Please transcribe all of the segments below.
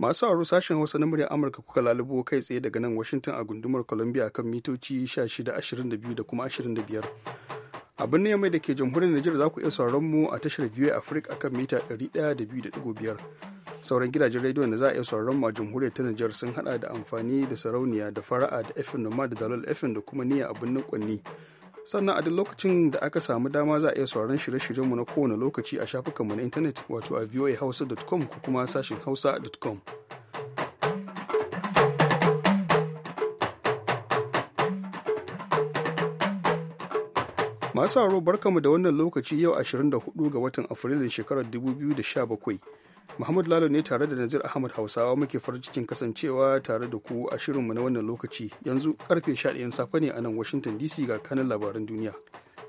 masu aro sashen hausa na muryar amurka kuka lalubo kai tsaye daga nan washington a gundumar columbia kan mitoci 1622 da kuma 25 abin ne mai da ke jamhuriyar Najeriya za ku iya sauran mu a tashar VOA Africa akan mita 102.5 sauran gidajen rediyon da za a iya sauran mu a jamhuriyar ta najeriya sun hada da amfani da sarauniya da fara'a da FM Noma da Dalol FM da kuma niyya a birnin Kwanni sannan a duk lokacin da aka samu dama za a iya sauran shirye-shiryenmu na kowane lokaci a shafukanmu na intanet wato a voahausa.com ko kuma sashin hausa.com masu sauraro barkamu da wannan lokaci yau 24 ga watan afrilun shekarar 2017 Muhammad Lalo ne tare da Nazir Ahmad Hausawa muke farin cikin kasancewa tare da ku a shirinmu na wannan lokaci. Yanzu karfe 11 safe ne a nan Washington DC ga kanin labaran duniya.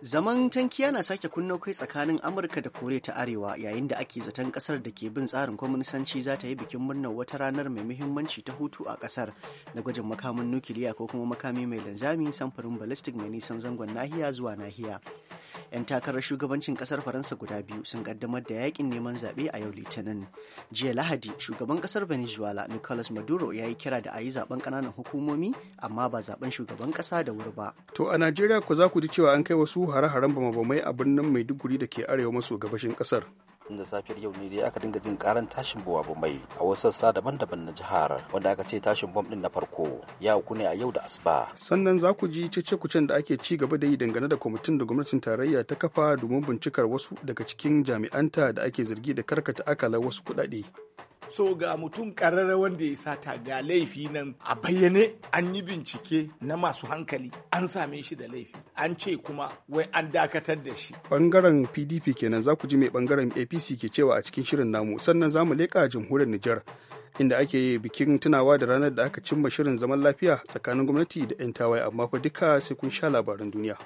Zaman tankiya na sake kunno kai tsakanin Amurka da kore ta Arewa yayin da ake zaton kasar da ke bin tsarin kwaminisanci za ta yi bikin murnar wata ranar mai muhimmanci ta hutu a kasar na gwajin makamin nukiliya ko kuma makami mai linzami samfurin ballistic mai nisan zangon nahiya zuwa nahiya. 'yan takarar shugabancin kasar faransa guda biyu sun kaddamar da yakin neman zaɓe a yau litinin jiya lahadi shugaban kasar venezuela nicolas maduro ya yi kira da a yi zaben kananan hukumomi amma ba zaben shugaban kasa da wuri ba to a najeriya ku za ku ji cewa an kai wasu hare-haren bama-bamai a birnin maiduguri da ke arewa maso gabashin kasar. tun da safiyar yau ne dai aka dinga jin karan tashin buwa mai a wasu sassa daban-daban na jihar wanda aka ce tashin bom din na farko ya uku ne a yau da asuba sannan za ku ji cece-kucen da ake ci gaba da yi dangane da kwamitin da gwamnatin tarayya ta kafa domin bincikar wasu daga cikin jami'anta da ake zargi da karkata akalar wasu kuɗaɗe so ga mutum karara wanda ya sata ga laifi nan a bayyane an yi bincike na masu hankali an same shi da laifi an ce kuma wai an dakatar da shi bangaren pdp kenan za ku ji mai bangaren apc ke cewa a cikin shirin namu sannan za mu leƙa jamhuriyar nijar inda ake bikin tunawa da ranar da aka cimma shirin zaman lafiya tsakanin gwamnati da 'yan tawaye amma fa duka sai kun sha labaran duniya.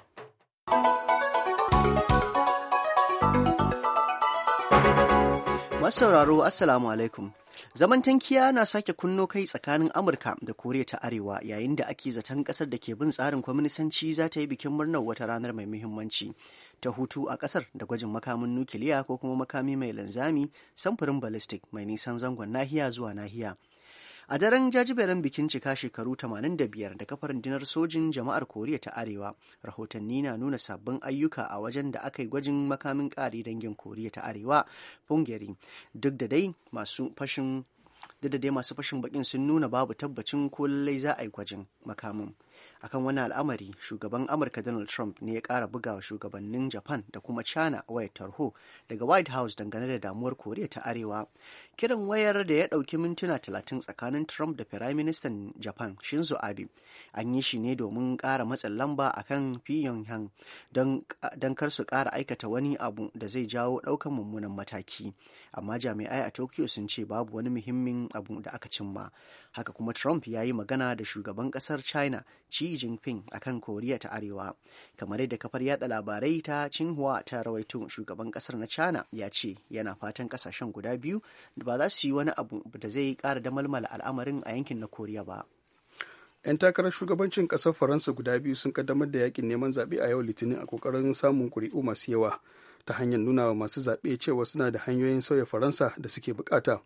Masu sauraro Assalamu alaikum. Zaman tankiya na sake kunno kai tsakanin Amurka da Koriya ta Arewa yayin da ake zaton kasar da ke bin tsarin kwaminisanci za ta yi bikin murnar wata ranar mai muhimmanci ta hutu a kasar da gwajin makamin nukiliya ko kuma makami mai linzami samfurin ballistic mai nisan zangon nahiya zuwa nahiya. a daren jajiberin bikin cika shekaru 85 da kafar rundunar sojin jama'ar koriya ta arewa rahotanni na nuna sabbin ayyuka a wajen da aka yi gwajin makamin ƙari dangin koriya ta arewa fungeri duk da dai masu fashin duk da dai masu fashin bakin sun nuna babu tabbacin ko lallai za a yi gwajin makamin akan wani al'amari shugaban amurka donald trump ne ya kara bugawa shugabannin japan da kuma china wayar tarho daga white house dangane da damuwar koriya ta arewa kiran wayar da ya dauki mintuna talatin tsakanin trump da firaministan japan shinzo abe an yi shi ne domin kara matsin lamba akan pyongyang don kar su kara aikata wani abu da zai jawo daukan mummunan mataki amma jami'ai a tokyo sun ce babu wani muhimmin abu da aka cimma haka kuma trump ya yi magana da shugaban kasar china xi Xi Jinping kan Koriya ta Arewa. Kamar yadda kafar yada labarai ta Xinhua ta rawaito shugaban kasar na China ya ce yana fatan kasashen guda biyu da ba za su yi wani abu da zai kara damalmala al'amarin a yankin na Koriya ba. 'yan takarar shugabancin kasar faransa guda biyu sun kaddamar da yakin neman zaɓe a yau litinin a ƙoƙarin samun ƙuri'u masu yawa ta hanyar nuna wa masu zaɓe cewa suna da hanyoyin sauya faransa da suke buƙata.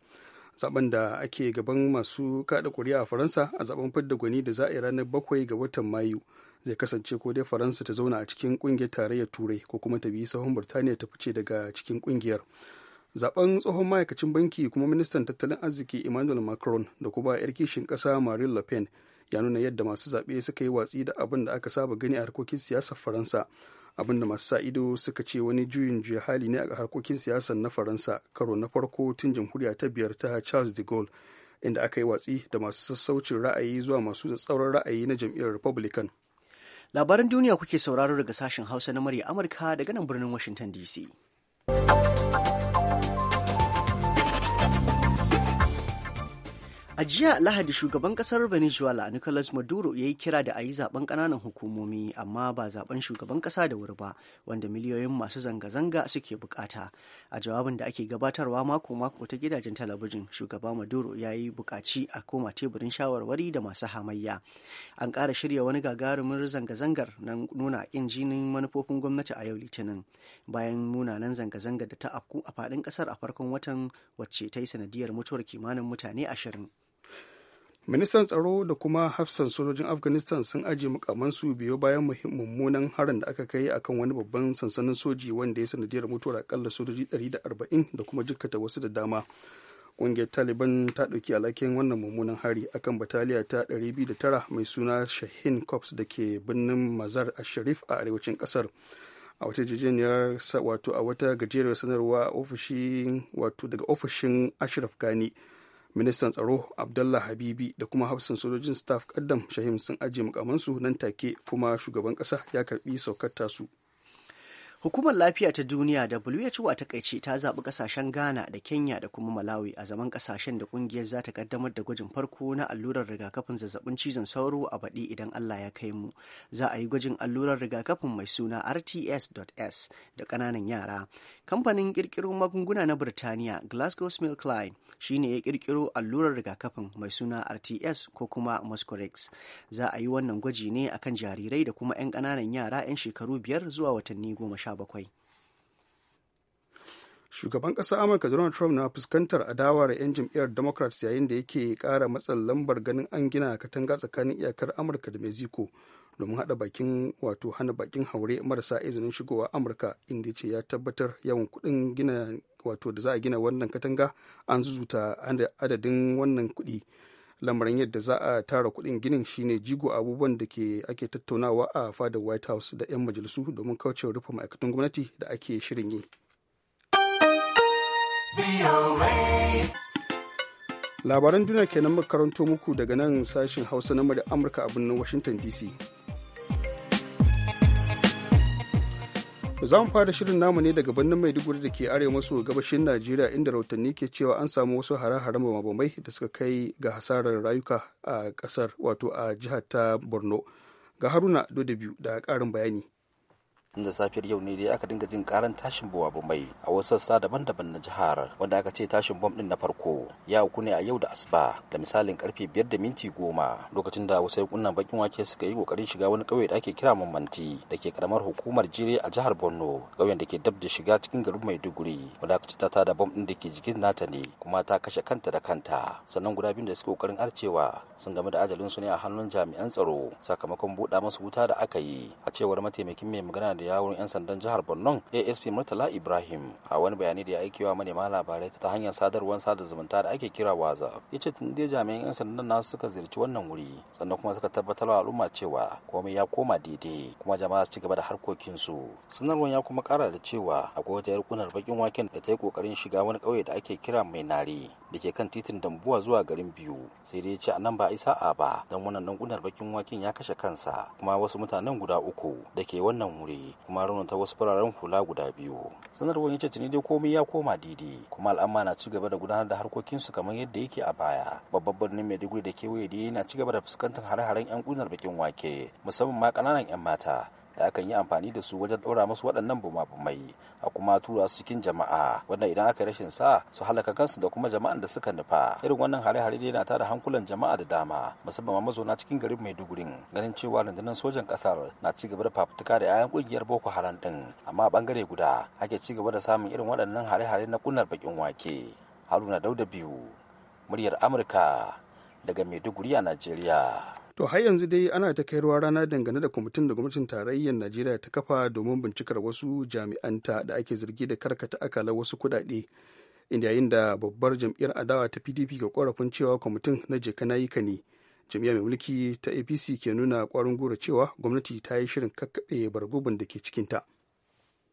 zaben da ake gaban masu kada kuri'a a faransa a zaben fidda gwani da za a ranar bakwai ga watan mayu zai kasance ko dai faransa ta zauna a cikin kungiyar tarayyar turai ko kuma ta biyi sahun birtaniya ta fice daga cikin kungiyar zaben tsohon ma'aikacin banki kuma ministan tattalin arziki emmanuel macron da kuma yar kishin kasa marine le pen ya nuna yadda masu zaɓe suka yi watsi da abin da aka saba gani a harkokin siyasar faransa abinda masu sa ido suka ce wani juyin juya hali ne a harkokin siyasar na faransa karo na farko tun jamhuriya ta biyar ta charles de gaulle inda aka yi watsi da masu sassaucin ra'ayi zuwa masu tsauran ra'ayi na jam'iyyar republican labaran duniya kuke sauraro daga sashen hausa na murya amurka daga nan birnin washington dc A jiya Lahadi shugaban kasar Venezuela Nicolas Maduro ya yi kira da a yi zaben kananan hukumomi amma ba zaben shugaban kasa da wuri ba wanda miliyoyin masu zanga-zanga suke bukata. A jawabin da ake gabatarwa mako-mako ta gidajen talabijin shugaba Maduro ya yi bukaci a koma teburin shawarwari da masu hamayya. An kara shirya wani gagarumin zanga-zangar na nuna ƙin jinin manufofin gwamnati a yau Litinin bayan munanan zanga-zangar da ta afku a faɗin kasar a farkon watan wacce ta yi sanadiyar mutuwar kimanin mutane ashirin. ministan tsaro da kuma hafsan sojojin afghanistan sun ajiye mukamansu biyo bayan mummunan harin da aka kai akan wani babban sansanin soji wanda ya sanadiyar mutuwar akalla sojoji 140 da kuma jikkata wasu da dama ƙungiyar taliban ta ɗauki alhakin wannan mummunan hari akan bataliya ta 209 mai suna shahin corps da ke birnin mazar a sharif a arewacin kasar a wata jijiyar wato a wata gajeriyar sanarwa ofishin wato daga ofishin ashraf gani ministan tsaro abdullah habibi da kuma hafsan sojojin staff kaddam shahim sun ajiye mukamansu nan take kuma shugaban kasa ya karbi saukar tasu hukumar lafiya ta duniya who a takaice ta zaɓi ƙasashen ghana da kenya da kuma malawi a zaman ƙasashen da ƙungiyar za ta ƙaddamar da gwajin farko na allurar rigakafin zazzabin cizon sauro a baɗi idan allah ya kai mu za a yi gwajin allurar rigakafin mai suna rts.s da ƙananan yara kamfanin kirkiro magunguna na birtaniya glasgow smithkline shine ya kirkiro allurar rigakafin mai suna rts ko kuma moscorex za a yi wannan gwaji ne akan jarirai da kuma 'yan ƙananan yara 'yan shekaru biyar zuwa watanni goma sha bakwai shugaban ƙasar amurka donald trump na fuskantar adawar 'yan jam'iyyar democrats yayin da yake ƙara matsan lambar ganin an gina katanga tsakanin iyakar amurka da mexico domin hada bakin wato hana bakin haure marasa izinin shigowa amurka inda ce ya tabbatar yawan kuɗin gina wato da za a gina wannan katanga an zuzuta adadin wannan kuɗi lamarin yadda za a tara kuɗin ginin shine jigo abubuwan da ke ake tattaunawa a fadar white house da 'yan majalisu domin kaucewa rufe ma'aikatan gwamnati da ake shirin yi labaran duniya kenan makaranto muku daga nan sashen hausa na amurka a birnin washington dc za mu fara shirin namu ne daga birnin maiduguri da ke arewa maso gabashin najeriya inda rahotanni ke cewa an samu wasu hare-haren mabamai da suka kai ga hasarar rayuka a kasar wato a jihar ta borno ga haruna biyu da karin bayani inda safiyar yau ne dai aka dinga jin karan tashin buwa mai a wasu sassa daban-daban na jihar wanda aka ce tashin bom din na farko ya auku ne a yau da asuba da misalin karfe biyar da minti goma lokacin da wasu yankunan bakin wake suka yi kokarin shiga wani kauye da ake kira mamanti da ke karamar hukumar jire a jihar borno ƙauyen da ke dab da shiga cikin garin maiduguri wanda aka ce ta tada bom din da ke jikin nata ne kuma ta kashe kanta da kanta sannan guda biyu da suke kokarin arcewa sun game da ajalin ne a hannun jami'an tsaro sakamakon buɗa masu wuta da aka yi a cewar mataimakin mai magana da yawun 'yan sandan jihar borno asp murtala ibrahim a wani bayani da ya aiki wa manema labarai ta hanyar sadarwar sada zumunta da ake kira whatsapp ya ce tun jami'an 'yan sandan nasu suka ziyarci wannan wuri sannan kuma suka tabbatar wa al'umma cewa komai ya koma daidai kuma jama'a su ci gaba da harkokinsu sanarwar ya kuma kara da cewa akwai wata yarkunar bakin waken da ta yi kokarin shiga wani ƙauye da ake kira mai nare da ke kan titin dambuwa zuwa garin biyu sai dai ya ce a nan ba a a ba don wannan kunar bakin waken ya kashe kansa kuma wasu mutanen guda uku da ke wannan wuri kuma kuma ta wasu fararen hula guda biyu sanarwar yace tuni dai komai ya koma daidai kuma al'amma na cigaba da gudanar da harkokinsu kamar yadda yake a baya babban birnin maiduguri da kewaye dai yana cigaba da fuskantar hare-haren yan kunar bakin wake musamman ma kananan yan mata da akan yi amfani da su wajen ɗora musu waɗannan bumabumai a kuma tura su cikin jama'a wanda idan aka rashin sa su halaka kansu da kuma jama'an da suka nufa irin wannan hare-hare dai na tara hankulan jama'a da dama musamman ma mazauna cikin garin Maidugurin ganin cewa rundunar sojan ƙasar na ci gaba da fafutuka da 'ya'yan ƙungiyar Boko Haram ɗin amma a bangare guda ake ci gaba da samun irin waɗannan hare-hare na kunar bakin wake Haruna Dauda biyu muryar Amurka daga Maiduguri a Najeriya. to har yanzu dai ana ta kairuwa rana dangane da kwamitin da gwamnatin tarayyar najeriya ta kafa domin bincikar wasu jami'anta da ake zargi da karkata akalar wasu kuɗaɗe inda yayin da babbar jam'iyyar adawa ta pdp ga korafin cewa kwamitin na jeka na yi ka ne jam'iyyar mai mulki ta apc ke nuna kwarin gura cewa gwamnati ta yi shirin kakkaɓe bargubin da ke cikinta. ta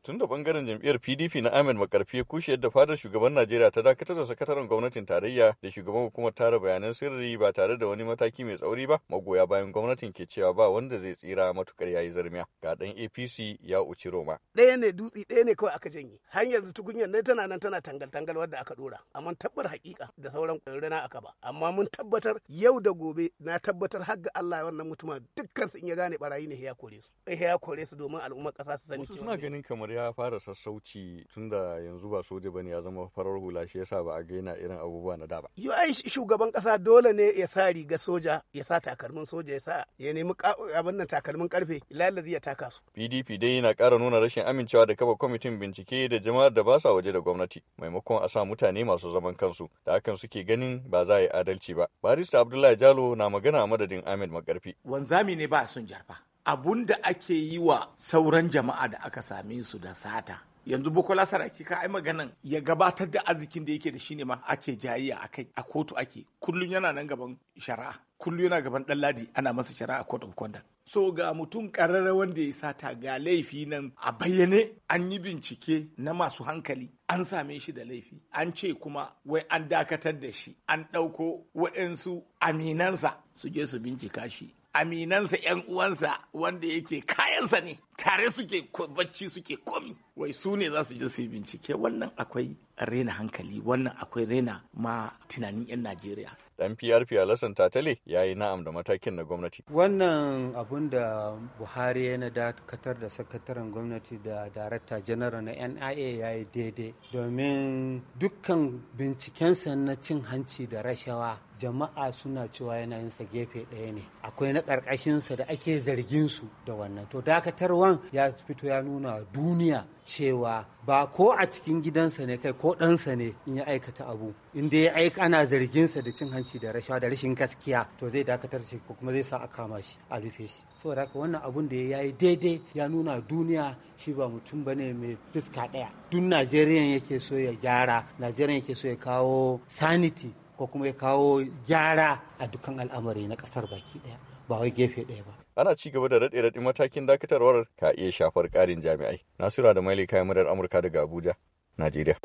tun da bangaren jam'iyyar pdp na ahmed makarfi kushe da fadar shugaban najeriya ta dakatar da sakataren gwamnatin tarayya da shugaban hukumar tara bayanan sirri ba tare da wani mataki mai tsauri ba magoya bayan gwamnatin ke cewa ba wanda zai tsira matukar yayi zarmiya ga dan apc ya uci roma ɗaya ne dutsi ɗaya ne kawai aka janye har yanzu tukunyar ne tana nan tana tangal tangal wadda aka dora amma tabbar hakika da sauran rana aka ba amma mun tabbatar yau da gobe na tabbatar har ga Allah wannan mutuma dukkan su in ya gane barayi ne ya kore su eh, ya kore su domin al'ummar kasa su sani cewa ganin kamar ya fara sassauci tunda yanzu ba soja bane ya zama farar hula shi yasa ba a gaina irin abubuwa na da ba. Yo ai shugaban kasa dole ne ya sa riga soja ya sa takalmin soja ya sa ya nemi abin nan takalmin karfe lalazi ya taka su. PDP dai yana ƙara nuna rashin amincewa da kafa kwamitin bincike da jama'ar da ba sa waje da gwamnati maimakon a sa mutane masu zaman kansu da hakan suke ganin ba za a yi adalci ba. Barista Abdullahi Jalo na magana a madadin Ahmed Makarfi. Wanzami ne ba sun jarfa. abun da ake yi wa sauran jama'a da aka same su da sata yanzu bukola saraki ka ai maganan ya gabatar da arzikin da yake da shi ne ma ake jayayya a kai a kotu ake kullum yana nan gaban shari'a kullum yana gaban dan ladi ana masa shari'a court of conduct so ga mutum karara wanda ya sata ga laifi nan a bayyane an yi bincike na masu hankali an same shi da laifi an ce kuma wai an dakatar da shi an ɗauko wa'insu aminansa su je su bincika shi aminansa yan uwansa wanda yake kayansa ne tare suke bacci suke komi wai su ne za su je su yi bincike wannan akwai rena hankali wannan akwai rena ma tunanin yan najeriya dan PRP Alasan Tatale ya yi na'am da matakin na gwamnati. Wannan abun da Buhari ya na dakatar da sakataren gwamnati da darakta janaral na NIA ya yi daidai domin dukkan bincikensa na cin hanci da rashawa jama'a suna cewa yana yinsa gefe ɗaya ne akwai na ƙarƙashinsa da ake zargin su da wannan to dakatarwan ya fito ya nuna duniya cewa ba ko a cikin gidansa ne kai ko ɗansa ne in ya aikata abu in dai aika ana zarginsa da cin hanci da rashawa da rashin gaskiya to zai dakatar shi ko kuma zai sa a kama shi a rufe shi saboda haka wannan abun da ya yi daidai ya nuna duniya shi ba mutum ba ne mai fuska ɗaya duk najeriyan yake so ya gyara najeriyan yake so ya kawo sanity ko kuma ya kawo gyara a dukkan al'amari na ƙasar baki ɗaya ba wai gefe ɗaya ba ana ci gaba da raɗe raɗe matakin dakatarwar ka iya shafar ƙarin jami'ai nasira da maili kayan murar amurka daga abuja najeriya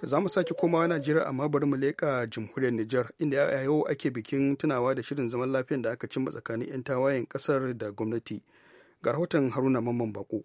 To za mu sake komawa Najeriya amma bari mu leƙa jamhuriyar Nijar inda a yau ake bikin tunawa da shirin zaman lafiyar da aka cimma tsakanin 'yan tawayen ƙasar da gwamnati. Ga rahoton Haruna Mamman Bako.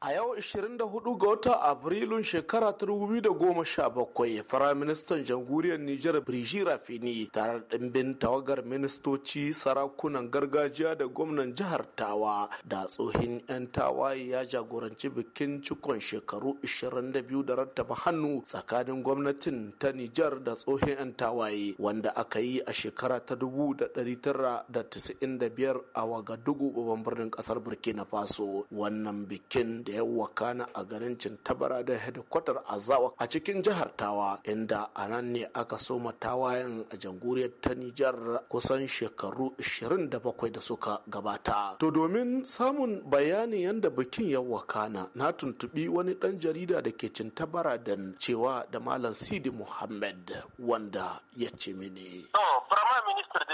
A yau 24 ga watan Afrilun shekara ta 2017, Firaministan Jamhuriyar Nijar Birji Rafini tare da ɗimbin tawagar ministoci, sarakunan gargajiya da gwamnan jihar Tawa da tsohin 'yan tawaye ya jagoranci bikin cikon shekaru 22 da rattaba hannu tsakanin gwamnatin ta Nijar da tsohin 'yan tawaye wanda aka yi a shekara ta 1995 a Wagadugu babban birnin ƙasar Burkina Faso. Wannan bikin da ya wakana a garin Cintabara da hedikwatar Azawa a cikin jihar Tawa inda a nan ne aka soma tawayen a janguriyar ta Nijar kusan shekaru 27 da suka gabata. To domin samun bayanin yadda bikin ya wakana na tuntubi wani ɗan jarida da ke Cintabara da cewa da Malam Sidi Muhammad wanda ya ce mini. da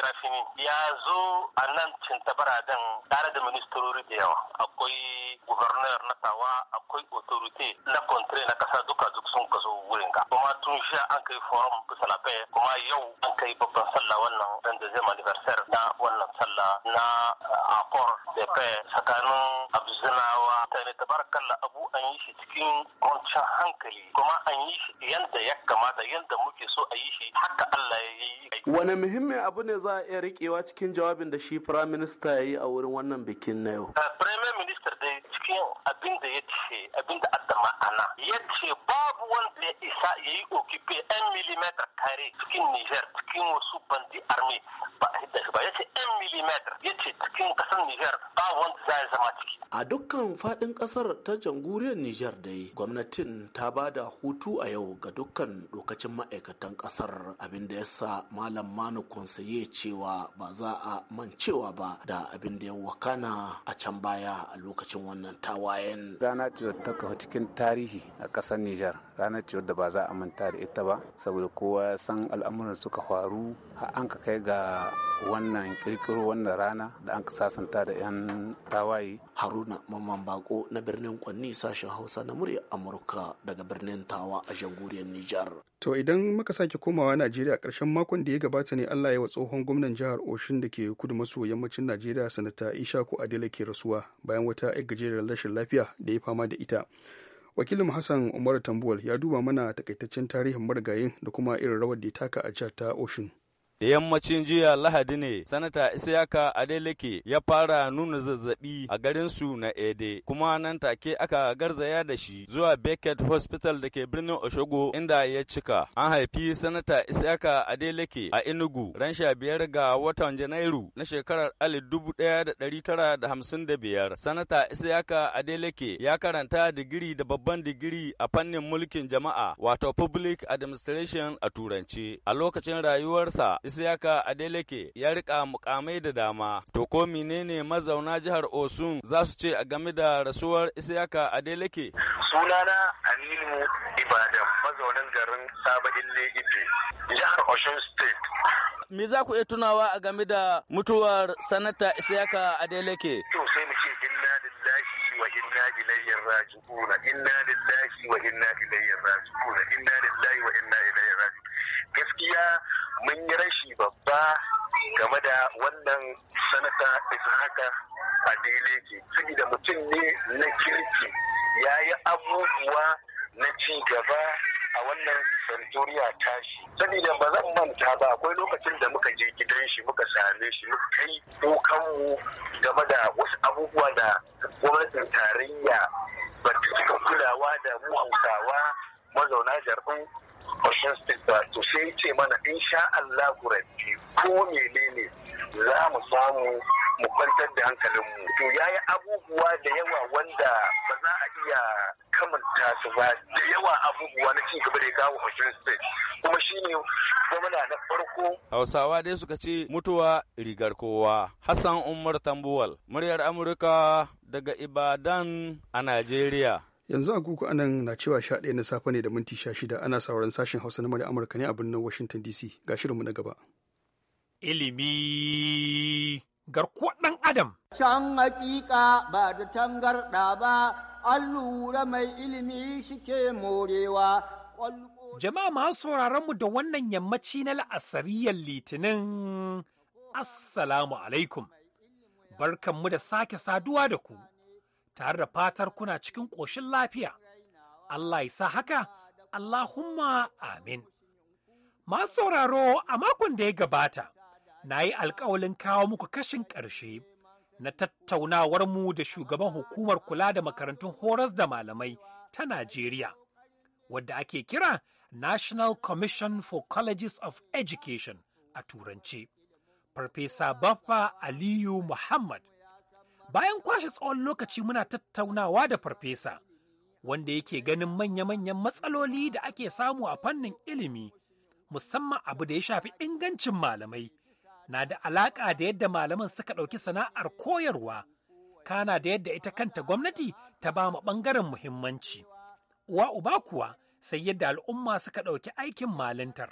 Rafini ya zo a nan Cintabara don tare da ministrori da yawa. Akwai gubernar gubernur na akwai authority na country na kasa duka duk sun ka wurin ka kuma tun sha an kai forum bisa la kuma yau an kai babban sallah wannan dan da zai anniversaire na wannan sallah na eh, akor da paix e tsakanin abzinawa ta ne tabarakallah abu an yi shi cikin kwanciyar hankali kuma an yi shi yanda ya kamata yanda muke so a yi shi haka Allah ya yi wani muhimmin abu ne za a iya rikewa cikin jawabin da shi firaminista ya yi a wurin wannan bikin na yau. Firamin eh, minister dai cikin abin da ya ce abin da adda ma'ana ya ce babu wanda ya isa ya yi okipe 'yan milimetar kare cikin niger cikin wasu bandi army ba a hidda ba ya ce 'yan milimetar ya ce cikin kasar niger babu wanda za ya zama ciki a dukkan fadin ƙasar ta jamhuriyar niger dai gwamnatin ta ba da hutu a yau ga dukkan lokacin ma'aikatan ƙasar abin da ya sa malam manu konsaye cewa ba za a mancewa ba da abin da ya wakana a can baya a lokacin wannan tawa wayan. rana ce ta cikin tarihi a ƙasar Nijar. ranar ce da ba za a manta da ita ba saboda kowa ya san al'amuran suka faru har an ka kai ga wannan kirkiro wannan rana da an sasanta da 'yan tawaye haruna mamman bako na birnin kwanni sashen hausa na murya amurka daga birnin tawa a jamhuriyar nijar to idan maka sake komawa najeriya karshen makon da ya gabata ne allah ya wa tsohon gwamnan jihar oshin da ke kudu maso yammacin najeriya sanata ishaku adela ke rasuwa bayan wata 'yar gajeren rashin lafiya da ya fama da ita wakilin hassan umar tambuwal ya duba mana takaitaccen tarihin marigayin da kuma irin rawar da ya taka a jihar ta oshun Da yammacin jiya Lahadi ne, Sanata Isiyaka Adeleke ya fara nuna zazzabi a garinsu na Ede, kuma nan take aka garzaya da shi zuwa Beckett Hospital da ke birnin Oshogo inda ya cika. An haifi Sanata Isiyaka Adeleke a Enugu ran sha biyar ga watan Janairu na shekarar alif dubu ɗaya da ɗari tara da hamsin da biyar. Sanata Isiyaka Adeleke ya karanta digiri da babban digiri a fannin mulkin jama'a wato Public Administration a Turance. A lokacin rayuwarsa Isiyaka Adeleke ya rika mukamai da dama. To ko menene mazauna jihar Osun za su ce a game da rasuwar Isiyaka Adeleke? Sunana Aminu Ibadan mazaunin garin Saba Ille Ife, jihar Osun State. Me za ku iya tunawa a game da mutuwar sanata Isiyaka Adeleke? To sai mu ce inna da gaskiya mun yi rashi babba game da wannan sanata ishaka a daidai ke saboda mutum ne na kirki ya yi abubuwa na ci gaba a wannan santuriya tashi saboda ba zan manta ba akwai lokacin da muka je gidan shi muka same shi muka kai kukanmu game da wasu abubuwa da gwamnatin tarayya ba ta cika kulawa da mu hausawa mazauna jarbin Ocean State ba to sai ce mana in sha Allah rabbi ko menene za mu samu mu kwantar da hankalinmu to yayi abubuwa da yawa wanda ba za a iya kamanta su ba da yawa abubuwa na cigaba da ya kawo Osun State kuma shi ne gwamna na farko. Hausawa dai suka ce mutuwa rigar kowa. Hassan Umar Tambuwal, muryar Amurka daga Ibadan a Najeriya. Yanzu agogo anan na cewa sha ɗaya na safe ne da minti sha shida ana sauran sashen Hausa na murya Amurka ne a birnin Washington DC ga shirinmu na gaba. Ilimi garkuwa ɗan Adam. Can hakika ba da tangarɗa ba an lura mai ilimi shi ke morewa. Jama'a masu sauraron mu da wannan yammaci na la'asariyar litinin Assalamu alaikum, barkanmu da sake saduwa da ku, tare da fatar kuna cikin ƙoshin lafiya. Allah ya sa haka, Allahumma amin. Masu sauraro a makon da ya gabata, na yi alkawalin kawo muku kashin ƙarshe na tattaunawar mu da shugaban hukumar kula da makarantun horas da malamai ta Najeriya, wadda ake kira National Commission for Colleges of Education a Turance. Farfesa Baffa Aliyu Muhammad. Bayan kwashe tsawon lokaci muna tattaunawa da farfesa, wanda yake ganin manya-manyan matsaloli da ake samu a fannin ilimi, musamman abu da ya shafi ingancin malamai. na da alaƙa da yadda malaman suka ɗauki sana'ar koyarwa, kana da yadda ita kanta gwamnati ta ba mu ɓangaren muhimmanci. Uwa uba kuwa sai yadda al'umma suka ɗauki aikin malintar.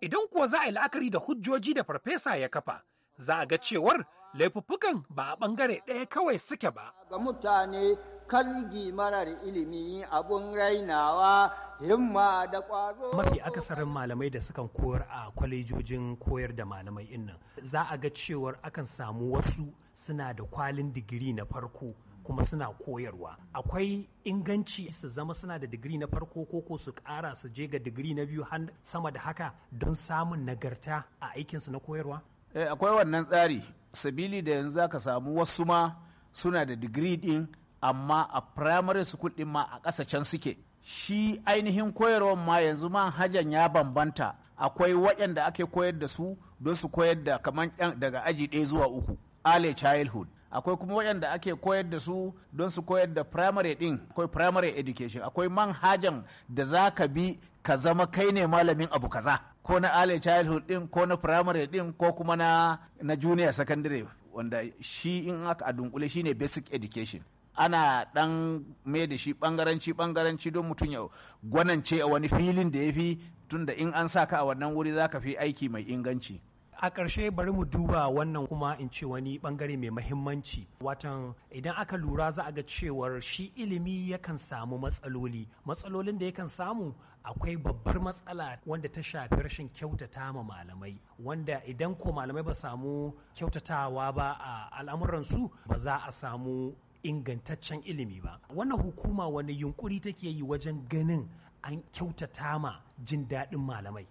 Idan kuwa za a yi la'akari da hujjoji da farfesa ya kafa, za a ga cewar laifuffukan ba a ɓangare ɗaya kawai suke ba. Ga mutane kalgi marar ilimi abun rainawa himma da ƙwazo. Mafi akasarin malamai da sukan koyar a kwalejojin koyar da malamai innan za a ga cewar akan samu wasu suna da kwalin digiri na farko kuma suna koyarwa akwai inganci su zama suna da digiri na farko ko su ƙara su je ga digiri na biyu sama da haka don samun nagarta a aikinsu na koyarwa eh, akwai wannan tsari sabili da yanzu zaka samu wasu ma suna da digiri din amma a primary school din ma a ƙasa can suke shi ainihin koyarwar ma yanzu manhajan ya bambanta akwai waɗanda ake koyar da su don su koyar da kamar daga aji ɗaya zuwa uku early childhood akwai kuma waɗanda ake koyar da su don su koyar da primary ɗin akwai primary education akwai manhajan da za ka bi ka zama kai ne malamin abu kaza ko na early childhood ɗin ko na primary ɗin ko kuma na, junior secondary wanda shi in aka a dunkule ne basic education ana dan mai da shi bangaranci bangaranci don mutum ya gwanance a wani filin da ya fi tunda in an sa ka a wannan wuri za ka fi aiki mai inganci a ƙarshe bari mu duba wannan kuma in ce wani bangare mai mahimmanci watan idan aka lura za a ga cewar shi ilimi yakan samu matsaloli matsalolin da yakan samu akwai babbar matsala wanda ta shafi rashin kyautata ma malamai wanda idan ko malamai ba samu kyautatawa ba a al'amuransu ba za a samu ingantaccen ilimi ba wannan hukuma wani yunkuri take yi wajen ganin an kyautata ma jin daɗin malamai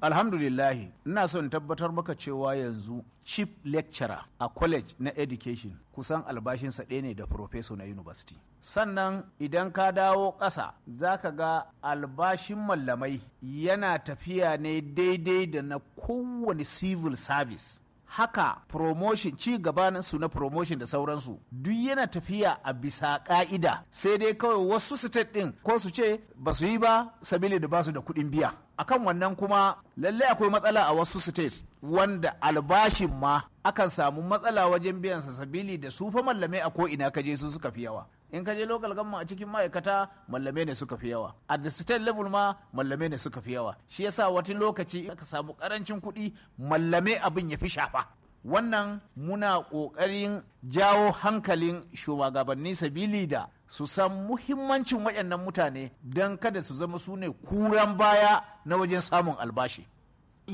alhamdulillahi ina son tabbatar maka cewa yanzu chief lecturer a college na education kusan albashinsa ɗaya ne da professor na university sannan idan ka dawo ƙasa za ka ga albashin mallamai yana tafiya ne daidai da na kowane civil service haka promotion ci gabanin su na promotion da sauransu duk yana tafiya a bisa ka'ida sai dai kawai wasu state din ko su ce ba su yi ba sabili da ba da kuɗin biya akan wannan kuma lallai akwai matsala a wasu state wanda albashin ma akan samu matsala wajen biyan sa sabili da su fa mallamai a ko ina kaje su suka fi yawa in ka je local gamma a cikin ma'aikata mallame ne suka fi yawa at the state level ma mallame ne suka fi yawa shi yasa wata lokaci ka samu karancin kuɗi mallame abin ya fi shafa wannan muna ƙoƙarin jawo hankalin shugabanni sabili da su san muhimmancin waɗannan mutane don kada su zama su ne kuran baya na wajen samun albashi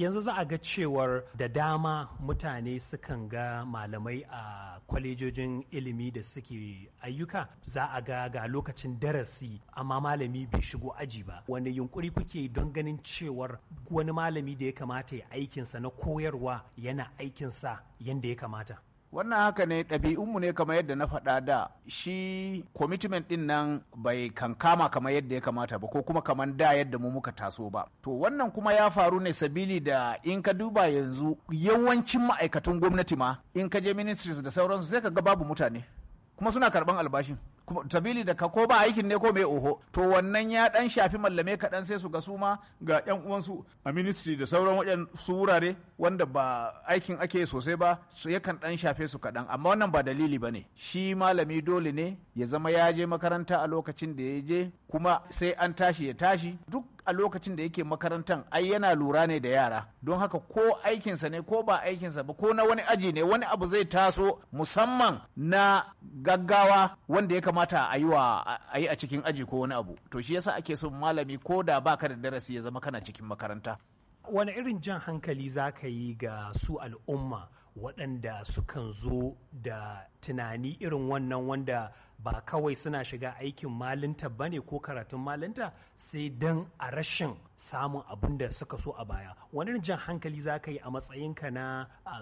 yanzu za a ga cewar da dama mutane sukan ga malamai a kwalejojin ilimi da suke ayyuka za a ga ga lokacin darasi amma malami bai shigo aji ba wani yunkuri kuke don ganin cewar wani malami da ya kamata ya aikinsa na koyarwa yana aikinsa yadda ya kamata wannan haka ne ɗabi'unmu ne kamar yadda na faɗa da shi commitment ɗin nan bai kankama kamar yadda ya kamata ba ko kuma kaman da yadda mu muka taso ba to wannan kuma ya faru ne sabili da in ka duba yanzu yawancin ma'aikatan gwamnati ma in ka je ministries da sauransu sai ka ga babu mutane kuma suna karɓan albashin kuma tabili da ka ko ba aikin ne ko mai oho to wannan ya dan shafi mallame kaɗan sai su ga su ga yan uwansu a ministry da sauran wajen su wurare wanda ba aikin ake sosai ba su yakan dan shafe su kaɗan amma wannan ba dalili ba ne shi malami dole ne ya zama ya je makaranta a lokacin da ya je kuma sai an tashi ya tashi duk a lokacin da yake makarantan ai yana lura ne da yara don haka ko aikinsa ne ko ba aikinsa ba ko na wani aji ne wani abu zai taso musamman na gaggawa wanda ya kamata a yi a cikin aji ko wani abu to shi yasa ake son malami ko da baka da darasi ya zama kana cikin makaranta wani irin jan hankali za ka yi ga su al'umma waɗanda sukan zo da tunani irin wannan wanda ba kawai suna shiga aikin malinta ba ne ko karatun malinta sai don a rashin samun abin da suka so a baya wani jan hankali za ka yi a matsayinka na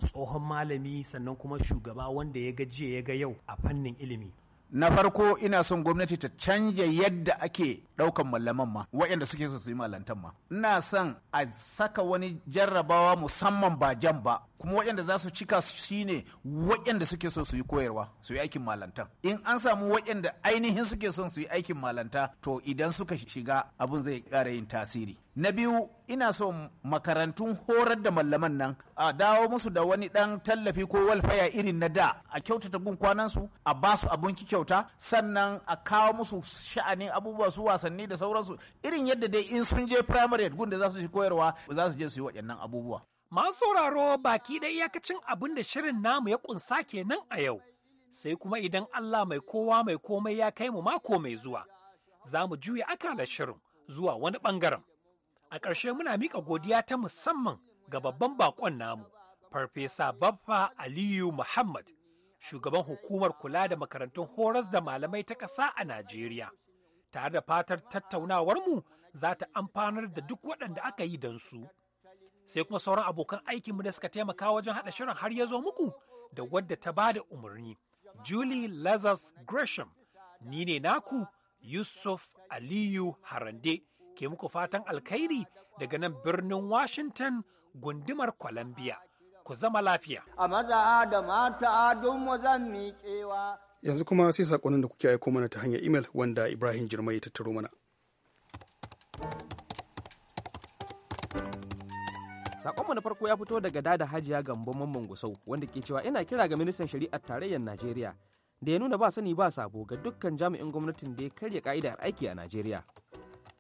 tsohon malami sannan kuma shugaba wanda ya gajiya ya ga yau a fannin ilimi na farko ina son gwamnati ta canja yadda ake ɗaukan malaman ma waɗanda suke so su yi malantan ma ina son a saka wani jarrabawa musamman ba jan ba kuma waɗanda za su cika shi ne waɗanda suke so su yi koyarwa su yi aikin malanta in an samu waɗanda ainihin suke son su yi aikin malanta to idan suka shiga abin zai ƙara yin tasiri na biyu ina so makarantun horar da mallaman nan a dawo musu da wani ɗan tallafi ko walfaya irin na da a kyautata gun kwanansu a ba su kyauta sannan a kawo musu sha'anin abubuwa su wasanni da sauransu irin yadda dai in sun je primary gun da za su koyarwa za su je su yi waɗannan abubuwa Masu sauraro baki ɗaya iyakacin abin da shirin namu ya ƙunsa kenan a yau, sai kuma idan Allah mai kowa mai komai ya kai mu mako mai zuwa, za mu juya akalar shirin zuwa wani ɓangaren. A ƙarshe muna mika godiya ta musamman ga babban baƙon namu, Farfesa Baffa Aliyu Muhammad, shugaban hukumar kula da makarantun horas da malamai ta ƙasa a Najeriya. Tare da fatar tattaunawarmu za ta amfanar da duk waɗanda aka yi don su. sai kuma sauran abokan aikinmu da suka taimaka wajen haɗa shirin har ya zo muku da wadda ta ba da umarni Julie Lazarus Gresham ni ne naku Yusuf Aliyu Harande ke muku fatan alkhairi daga nan birnin Washington gundumar Columbia ku zama lafiya a maza da mata don zan miƙewa yanzu kuma sai saƙonin da kuke aiko mana ta hanyar imel wanda Ibrahim Jirma ya tattaro mana. Sakonmu na farko ya fito daga dada Hajiya Gambo Mamman Gusau wanda ke cewa ina kira ga ministan shari'ar tarayyar Najeriya da ya nuna ba sani ba sabo ga dukkan jami'in gwamnatin da ya karya ka'idar aiki a Najeriya.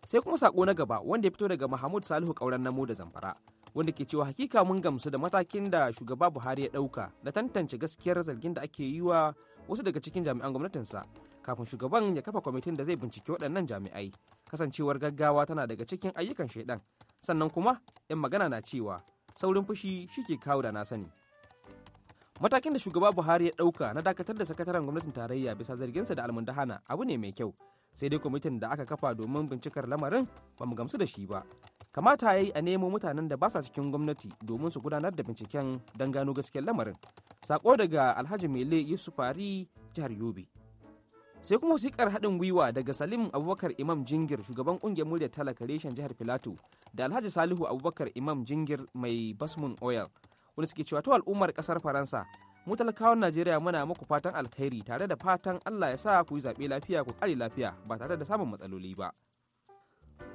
Sai kuma sako na gaba wanda ya fito daga Mahmud Salihu Kauran Namo da Zamfara wanda ke cewa hakika mun gamsu da matakin da shugaba Buhari ya dauka na tantance gaskiyar zargin da ake yi wa wasu daga cikin jami'an gwamnatinsa kafin shugaban ya kafa kwamitin da zai bincike waɗannan jami'ai kasancewar gaggawa tana daga cikin ayyukan shaidan sannan kuma 'yan magana na cewa saurin fushi shi ke kawo da na sani matakin da shugaba buhari ya ɗauka na dakatar da sakataren gwamnatin tarayya bisa zarginsa da almundahana abu ne mai kyau sai dai kwamitin da aka kafa domin bincikar lamarin ba mu gamsu da shi ba kamata ya yi a nemo mutanen da ba sa cikin gwamnati domin su gudanar da binciken don gano gaskiyar lamarin sako daga alhaji mele yusufari jihar yobe sai kuma wasikar haɗin gwiwa daga salim abubakar imam jingir shugaban ƙungiyar muryar talaka reshen jihar filato da alhaji salihu abubakar imam jingir mai basmun oil wanda suke cewa to al'ummar ƙasar faransa mu talakawan najeriya muna muku fatan alkhairi tare da fatan allah ya sa ku yi zaɓe lafiya ku ƙare lafiya ba tare da samun matsaloli ba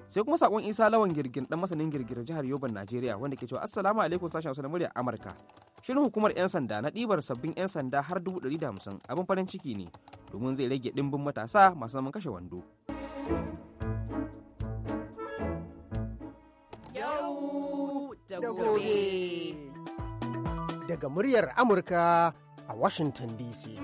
sai kuma saƙon isa lawan girgin dan masanin girgir jihar yoban najeriya wanda ke cewa assalamu alaikum sashen hausa na murya amurka shirin hukumar 'yan sanda na ɗibar sabbin 'yan sanda har 150 abin farin ciki ne domin zai rage ɗimbin matasa masu zaman kashe wando. Yau da gobe. Daga muryar Amurka a Washington DC.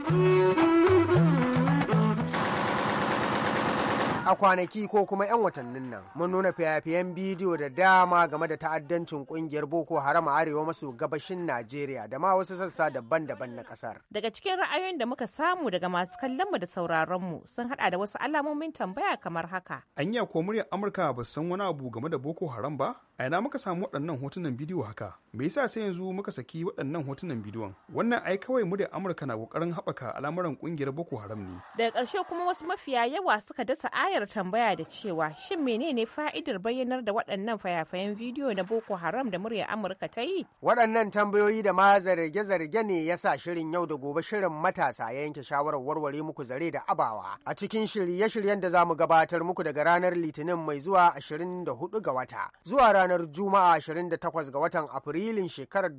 a kwanaki ko kuma 'yan watannin nan mun nuna fiyafiyen bidiyo da dama game da ta'addancin kungiyar boko haram a arewa maso gabashin najeriya da ma wasu sassa daban-daban na kasar daga cikin ra'ayoyin da muka samu daga masu kallon mu da sauraron mu sun hada da wasu alamomin tambaya kamar haka An anya ko muryar amurka ba san wani abu game da boko haram ba a ina muka samu waɗannan hotunan bidiyo haka me yasa sai yanzu muka saki waɗannan hotunan bidiyon wannan ai kawai muryar amurka na kokarin haɓaka al'amuran kungiyar boko haram ne daga ƙarshe kuma wasu mafiya yawa suka dasa aya ayar tambaya da cewa shin menene fa'idar bayyanar da waɗannan fayafayen bidiyo na Boko Haram da murya Amurka ta yi? Waɗannan tambayoyi da ma zarge-zarge ne ya sa shirin yau da gobe shirin matasa ya yanke shawarar warware muku zare da abawa. A cikin shirye-shiryen da za mu gabatar muku daga ranar Litinin mai zuwa 24 ga wata zuwa ranar Juma'a da 28 ga watan Afrilun shekarar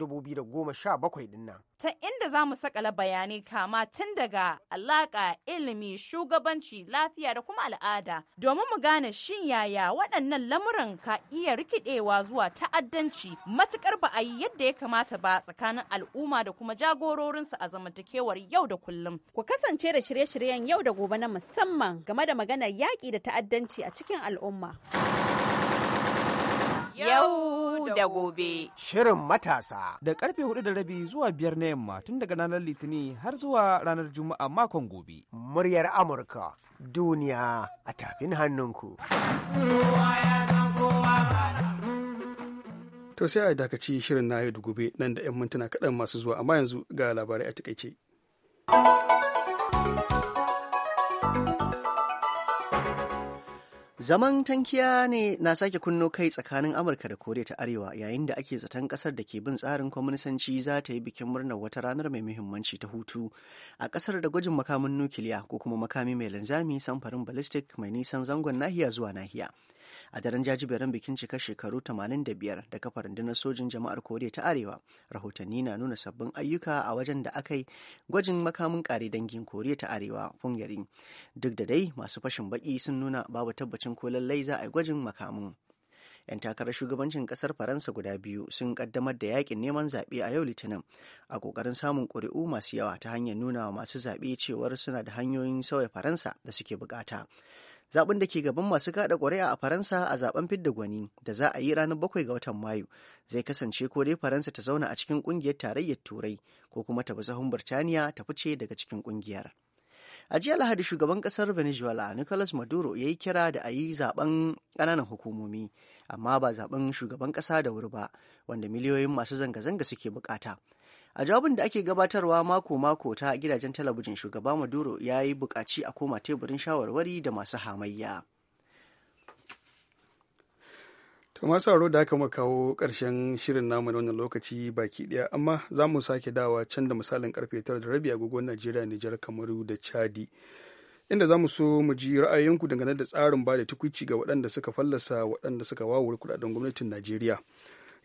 sha bakwai dinnan. Ta inda za mu sakala bayanai kama tun daga alaƙa, ilimi, shugabanci, lafiya da kuma al'ada. al'ada domin mu gane shin yaya waɗannan lamuran ka iya rikidewa zuwa ta'addanci matukar ba a yi yadda ya kamata ba tsakanin al'umma da kuma jagororinsu a zamantakewar yau da kullum. Ku kasance da shirye-shiryen yau da gobe na musamman game da maganar yaƙi da ta'addanci a cikin al'umma. yau da gobe. Shirin matasa da karfe hudu da rabi zuwa biyar na yamma tun daga ranar litini har zuwa ranar juma'a makon gobe. Muryar Amurka duniya a tafin hannunku. To sai a dakaci shirin na yau da gobe nan da 'yan mintuna kaɗan masu zuwa amma yanzu ga labarai a takaice. zaman tankiya ne na sake kunno kai tsakanin amurka da koriya ta arewa yayin da ake zaton kasar da ke bin tsarin kwaminisanci za ta yi bikin murnar wata ranar mai muhimmanci ta hutu a kasar da gwajin makamin nukiliya ko kuma makami mai linzami samfarin ballistic mai nisan zangon nahiya zuwa nahiya a daren jajiberin bikin cika shekaru 85 da kafar rundunar sojin jama'ar koriya ta arewa rahotanni na nuna sabbin ayyuka a wajen da aka yi gwajin makamin kare dangin koriya ta arewa punyarin duk da dai masu fashin baki sun nuna babu tabbacin ko lallai za a yi gwajin makamin 'yan takarar shugabancin kasar faransa guda biyu sun kaddamar da yakin neman zaɓe a yau litinin a kokarin samun ƙuri'u masu yawa ta hanyar nuna wa masu zaɓe cewar suna da hanyoyin sauya faransa da suke bukata zaben da ke gaban masu kada ƙuri'a a faransa a zaben fidda gwani da za a yi ranar bakwai ga watan mayu zai kasance ko dai faransa ta zauna a cikin ƙungiyar tarayyar turai ko kuma ta bi sahun birtaniya ta fice daga cikin ƙungiyar a jiya lahadi shugaban kasar venezuela nicolas maduro ya yi kira da a yi zaben ƙananan hukumomi amma ba zaben shugaban ƙasa da wuri ba wanda miliyoyin masu zanga-zanga suke bukata a jawabin da ake gabatarwa mako-mako ta gidajen talabijin shugaba maduro ya yi bukaci a koma teburin shawarwari da masu hamayya to masu aro da aka kawo karshen shirin namu na wannan lokaci baki daya amma za mu sake dawa can da misalin karfe tara da rabi agogon najeriya nijar kamaru da chadi inda za mu so mu ji ra'ayoyinku dangane da tsarin ba da tukwici ga waɗanda suka fallasa waɗanda suka wawure kudaden gwamnatin najeriya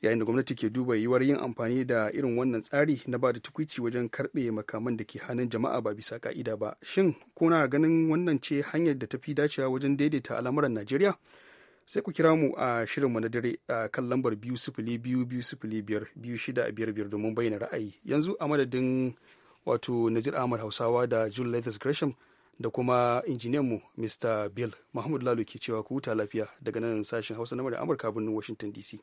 yayin da gwamnati ke duba yiwuwar yin amfani da irin wannan tsari na ba da tukwici wajen karbe makaman da ke hannun jama'a ba bisa ka'ida ba shin kuna ganin wannan ce hanyar da tafi dacewa wajen daidaita al'amuran najeriya sai ku kira mu a shirin mu na dare a kan lambar biyu sifili biyu biyu sifili biyar biyu shida biyar biyar domin bayyana ra'ayi yanzu a madadin wato nazir ahmad hausawa da june lathis gresham da kuma injiniyan mu mr bill mahmud lalo ke cewa ku huta lafiya daga nan sashen hausa na amurka birnin washington dc